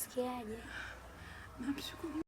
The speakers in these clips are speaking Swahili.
unajisikiaje? Namshukuru.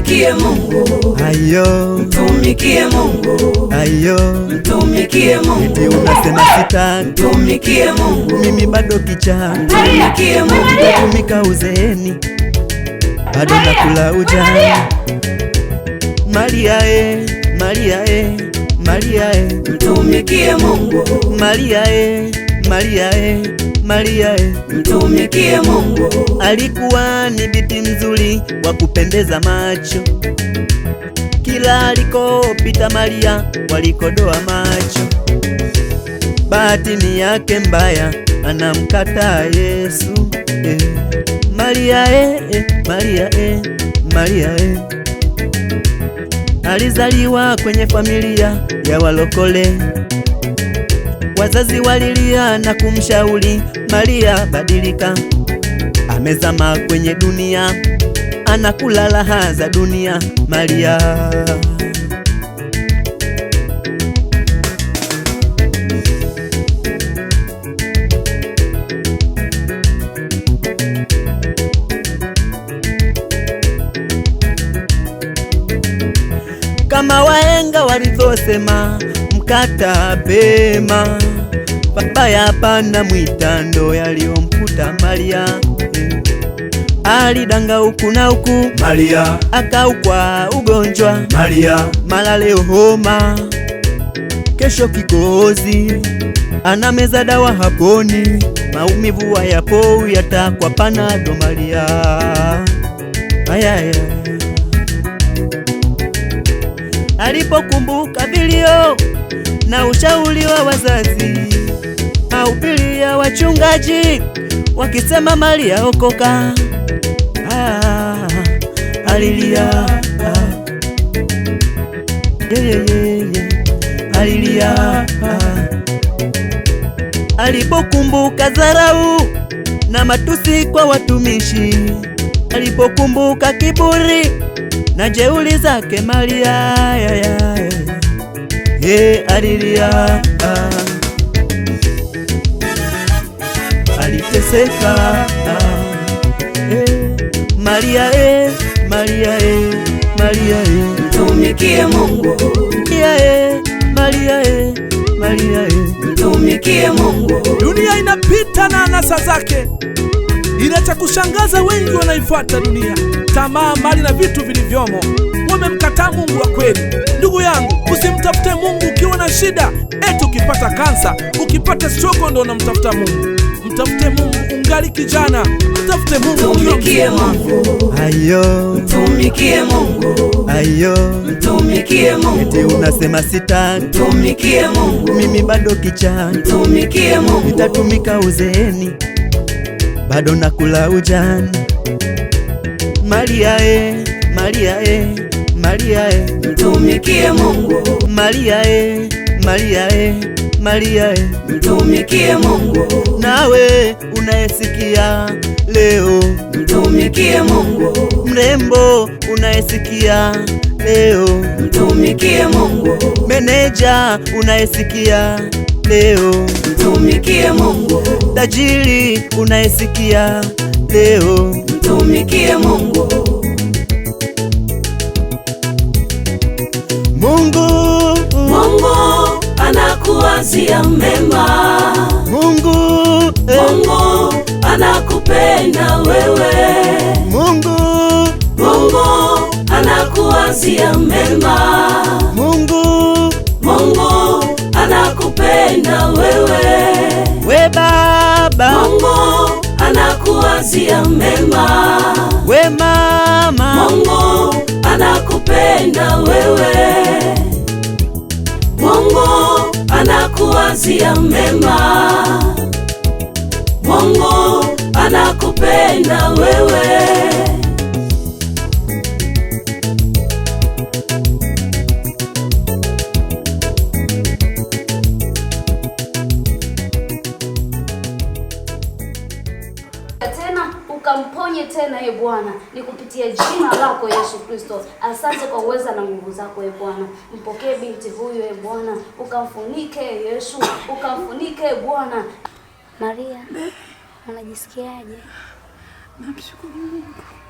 mtumikie Mungu, ayo mtumikie Mungu, ayo mtumikie Mungu. Eti unasema sita mtumikie Mungu, mimi bado kicha mtumikie Mungu. Natumika uzeeni bado nakula ujana. Maria e, Maria e, Maria e, mtumikie Mungu. Maria e, Maria e Maria e, mtumikie Mungu. Alikuwa ni binti mzuri wa kupendeza macho, kila alikopita Maria walikodoa macho. Bahati ni yake mbaya, anamkataa Yesu e. Maria e, e, Maria e, Maria e. Alizaliwa kwenye familia ya walokole Wazazi walilia na kumshauri Maria, badilika, amezama kwenye dunia, anakula raha za dunia. Maria kama wahenga walivyosema, mkata pema Babaya pana mwitando yaliyomkuta Maria Alidanga huku na huku Maria, akaukwa ugonjwa Maria, mara leo homa, kesho kikohozi, anameza dawa haponi, maumivu hayapo yatakwa panado Maria. Ayaya, alipokumbuka vilio na ushauri wa wazazi, mahubiri ya wachungaji wakisema ya okoka. Ah, alilia ah, yeah, yeah, yeah. alilia ah. alipokumbuka dharau na matusi kwa watumishi, alipokumbuka kiburi na jeuli zake Maria yaya Hey, alilia ah. aliteseka. Ah. Eh, Maria e, Maria e, Maria e, tumikie Mungu. Maria e, Maria e, Maria e, tumikie Mungu. Dunia inapita na anasa zake, ila cha kushangaza wengi wanaifuata dunia, tamaa, mali na vitu vilivyomo umemkataa Mungu wa kweli. Ndugu yangu, usimtafute Mungu ukiwa na shida, eti ukipata kansa, ukipata stroke ndo unamtafuta Mungu. Mtafute Mungu ungali kijana, mtafute Mungu, mtumikie Mungu, ayo mtumikie Mungu, ayo mtumikie Mungu. Eti unasema sita, mtumikie Mungu, mimi bado kichana, mtumikie Mungu, nitatumika uzeeni, bado nakula ujani. Maria e, Maria e Maria e, mtumikie Mungu. Maria e, Maria e, Maria e, mtumikie Mungu. Nawe unayesikia leo, mtumikie Mungu. Mrembo unayesikia leo, mtumikie Mungu. Meneja unayesikia leo, mtumikie Mungu. Tajiri unayesikia leo, mtumikie Mungu. mawazi ya mema. Mungu, eh. Mungu anakupenda wewe. Mungu, eh. Mungu anakuwazia mema. Mungu kuwazia mema ukamponye tena, e Bwana, ni kupitia jina lako Yesu Kristo. Asante kwa uweza na nguvu zako, e Bwana. Mpokee binti huyu, e Bwana, ukamfunike Yesu, ukamfunike ye Bwana. Maria, unajisikiaje? Namshukuru Mungu.